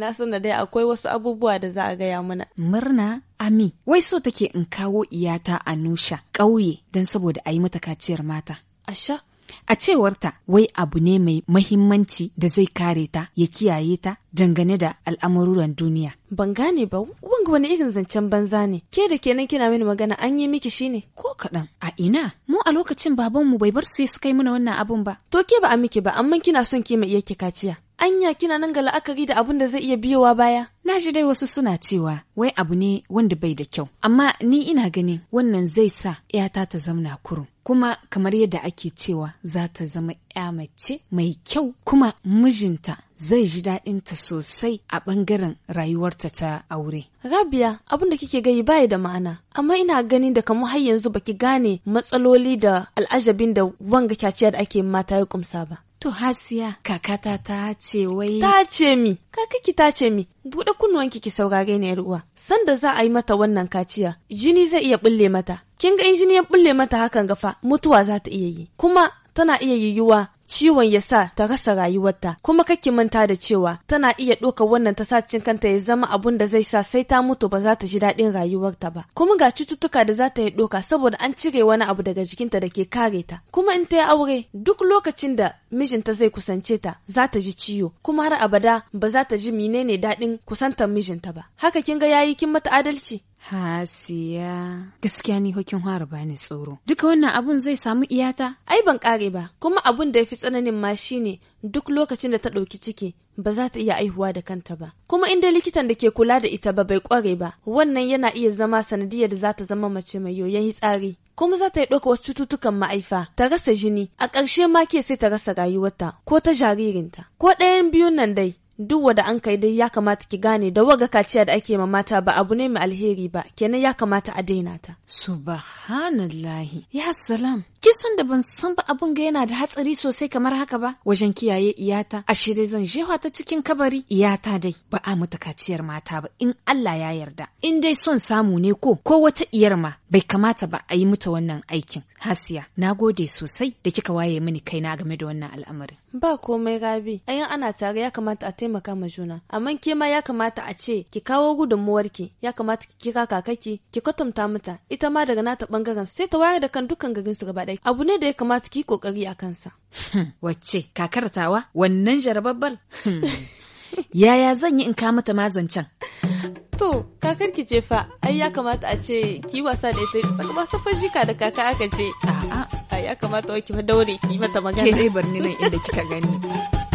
Speaker 6: na san da dai akwai wasu abubuwa da za a gaya mana.
Speaker 11: Murna Ami,
Speaker 6: wai so take
Speaker 11: in kawo iyata a Nusha ƙauye don saboda a yi mata kaciyar mata. Asha, A cewarta wai abu ne mai mahimmanci da zai kare ta ya kiyaye ta dangane
Speaker 6: da al'amuran duniya. Ban gane ba, wanga wani irin zancen banza ne, ke da kenan kina mini magana an yi miki shi ne. Ko kaɗan, a ina, mu a lokacin babanmu bai bar su su kai mana wannan abun ba. To ke ba a miki ba, amma kina son ki mai iya kaciya. Anya kina nan ga la'akari da abun da zai iya biyowa baya? Na ji dai wasu suna cewa wai abu ne wanda bai da kyau, amma
Speaker 11: ni ina ganin wannan zai sa 'yata ta zauna kurum. kuma kamar yadda ake cewa za ta zama ya mace mai kyau kuma mijinta zai ji daɗinta sosai a ɓangaren rayuwarta ta aure.
Speaker 6: Rabia abin da kike gayi baya da ma'ana, amma ina ganin da kamar har yanzu baki gane matsaloli da al'ajabin da wanga kyaciya da ake mata ya kumsa ba. To Hasiya, kakata ta ce wai. Ta ce mi, kakaki ta ce mi, buɗe kunnuwanki ki saurare ni yar uwa. Sanda za a yi mata wannan kaciya, jini zai iya bulle mata. Kin ga in jini ya bulle mata hakan gafa, mutuwa za ta iya yi. Kuma tana iya yiwuwa ciwon ya sa ta rasa rayuwarta kuma kake manta da cewa tana iya ɗauka wannan ta sacin kanta ya zama abun da zai sa sai ta mutu ba za ta ji daɗin rayuwarta ba kuma ga cututtuka da za ta yi ɗoka saboda an cire wani abu daga jikinta da ke kare ta kuma in ta yi aure duk lokacin da mijinta zai kusance ta za ta ji ciwo kuma har abada ba za ta ji menene daɗin kusantar mijinta ba haka kin ga yayi kin mata adalci
Speaker 11: Hasiya. Gaskiya ni hukin hara ba ni tsoro.
Speaker 6: Duka wannan abun zai samu iyata? Ai ban kare ba, kuma abun da ya fi tsananin ma shine duk lokacin da ta ɗauki ciki ba za ta iya aihuwa da kanta ba. Kuma inda likitan da ke kula da ita ba bai kware ba, wannan yana iya zama sanadiyar da za ta zama mace mai yoyon hitsari. Kuma za ta yi ɗauka wasu cututtukan ma'aifa, ta rasa jini, a ƙarshe ma ke sai ta rasa rayuwarta ko ta jaririnta. Ko ɗayan biyun nan dai, duk wanda an kai dai ya kamata ki gane da waga kaciya da ake ma mata ba abu ne mai alheri ba kenan ya kamata a daina ta subhanallahi
Speaker 11: ya salam kisan da ban san ba abun ga yana da hatsari sosai kamar haka ba wajen kiyaye iyata a shirye zan jewa ta cikin kabari iyata dai ba a mata kaciyar mata ba in Allah ya yarda in dai son samu ne ko ko wata iyar ma bai kamata ba a yi mata wannan aikin hasiya na gode sosai da kika waye mini kaina game da wannan al'amari
Speaker 6: ba komai gabi ayan ana tare ya kamata a taimaka ma juna amma ke ma ya kamata a ce ki kawo gudunmuwarki ya kamata ki kira kakaki ki kwatanta mata ita ma daga nata bangaren sai ta wayar da kan dukkan garin su gaba kaɗai abu ne da ya kamata ki kokari a kansa.
Speaker 11: Hmm, wacce kakartawa wannan jarababbar hmm. Yaya zan yi in ka mata mazancan?
Speaker 6: To, kakar ki jefa ai ya kamata a ce ki wasa da ita tsaka ba safar jika da kaka aka ce. A'a, ya kamata wa ki daure ki mata magana. Ke dai barni
Speaker 11: nan inda kika gani.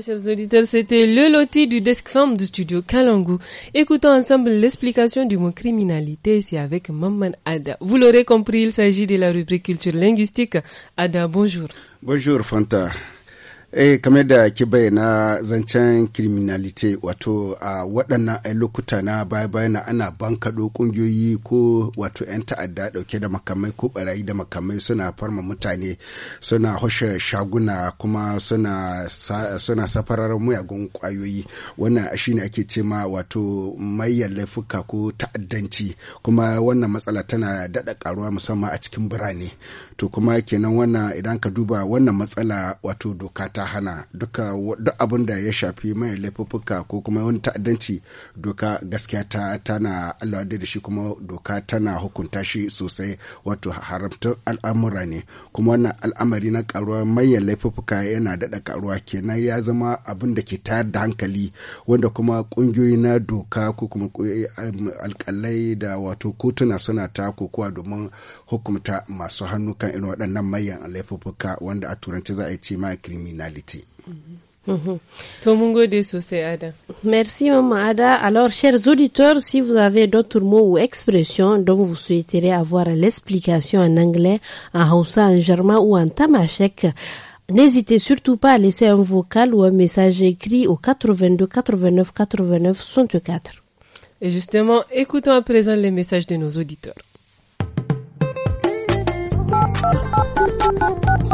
Speaker 2: chers auditeurs, c'était le loti du Desk Femme du studio Kalangu. Écoutons ensemble l'explication du mot criminalité c'est avec Maman Ada. Vous l'aurez compris, il s'agit de la rubrique culture linguistique. Ada, bonjour.
Speaker 12: Bonjour, Fanta. eh kamar da ke bayyana zancen criminality wato a uh, waɗannan ai lokuta na baya na ana bankaɗo ƙungiyoyi ko wato 'yan ta'adda ɗauke da makamai ko ɓarayi da makamai suna farma mutane suna hushe shaguna kuma suna suna safarar muyagun ƙwayoyi wannan shi ne ake ce ma wato mayan laifuka ko ta'addanci kuma wannan matsala tana daɗa ƙaruwa musamman a cikin birane to kuma kenan wannan idan ka duba wannan matsala wato doka ta ta hana duka duk abin da ya shafi mai laifuffuka ko kuma wani ta'addanci doka gaskiya ta tana Allah da shi kuma doka tana hukunta shi sosai wato haramtun al'amura ne kuma wannan al'amari na karuwa mai laifuffuka yana daɗa karuwa kenan ya zama abin da ke tayar da hankali wanda kuma ƙungiyoyi na doka ko kuma eh, alƙalai da wato kotuna suna ta kokowa domin hukunta masu hannu kan irin waɗannan mayan laifuffuka wanda a turanci za a ce ma criminal
Speaker 1: Mhm. Merci Maman Ada. Alors chers auditeurs, si vous avez d'autres mots ou expressions dont vous souhaiterez avoir l'explication en anglais, en haussa, en germain ou en tamashek, N'hésitez surtout pas à laisser un vocal ou un message écrit au 82 89 89 64.
Speaker 2: Et justement, écoutons à présent les messages de nos auditeurs.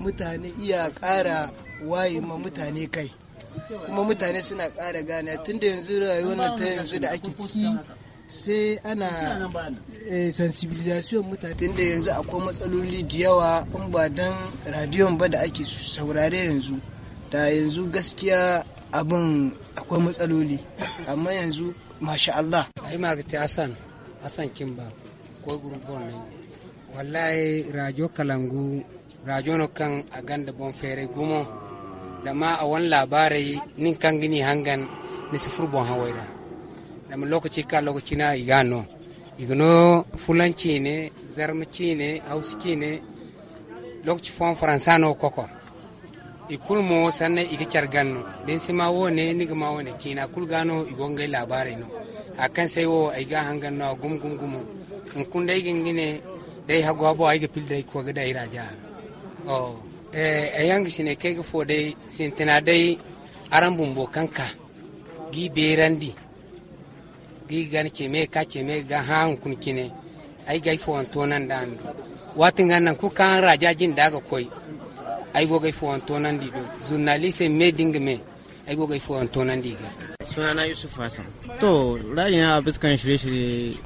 Speaker 8: mutane iya ƙara waye ma mutane kai kuma mutane suna ƙara gane tunda yanzu rayuwar ta yanzu da ake ciki sai ana eh, sensibilization mutane tunda yanzu akwai matsaloli da yawa in ba don radiyon ba da ake saurare yanzu da
Speaker 13: yanzu gaskiya abin akwai matsaloli amma yanzu masha Allah ai magati Hassan Hassan Kimba ko gurbon nan wallahi Rajo Kalangu rajono kan a ganda bon fere gumo ma a wani labarai nin kan gini hangan ni sifur bon hawaira dama lokaci ka lokaci na igano igano fulanci ne zarmaci ne hauski ne lokaci fon faransa no kokor ikul mo sanne igi charganno den sima wo ne ni gama wo ne kina kul gano igongai labarai no akan sai wo ai ga hangan no gum gum gumo in kun dai gingine dai hago habo ai ga pil dai ko ga dai raja oh eh ayang kai ga fode sintina dai aran bumbo kanka gi berandi gi gan me ka me ga han kun kine ai gai fo antonan da andu watin nan ku kan jin daga koi ai go gai fo antonan di do journaliste me ding me ai go gai fo antonan di ga
Speaker 8: sunana yusuf
Speaker 13: hasan to biskan shirye-shirye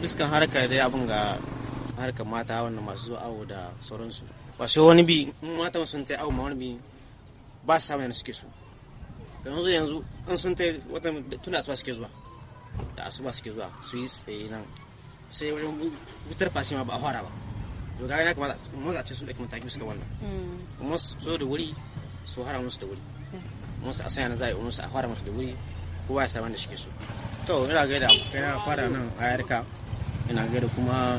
Speaker 13: biskan harka dai abin ga harkar mata wannan
Speaker 8: masu awo da sauransu
Speaker 13: wasu wani bi
Speaker 8: mata sun ta awu ma wani bi ba su samu yana suke so yanzu yanzu in sun ta wata tuna asuba suke zuwa da asuba suke zuwa su yi tsaye nan sai wajen wutar fasi ma ba a fara ba to ga ya kamata maza ce sun ɗauki mataki suka wannan mm. kuma su da wuri su fara musu da wuri musu a sanya yana za a yi musu a fara musu da wuri kowa ya samu da suke so to ina gaida kai na fara nan a yarka ina gaida kuma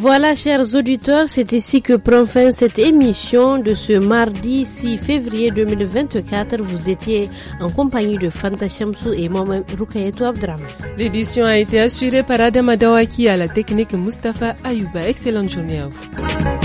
Speaker 1: Voilà, chers auditeurs, c'est ici que prend fin cette émission de ce mardi 6 février 2024. Vous étiez en compagnie de Fanta Shamsou et moi-même Rukayetou L'édition a été assurée par Adam Adawaki
Speaker 2: à la technique Mustafa Ayuba. Excellente journée à vous.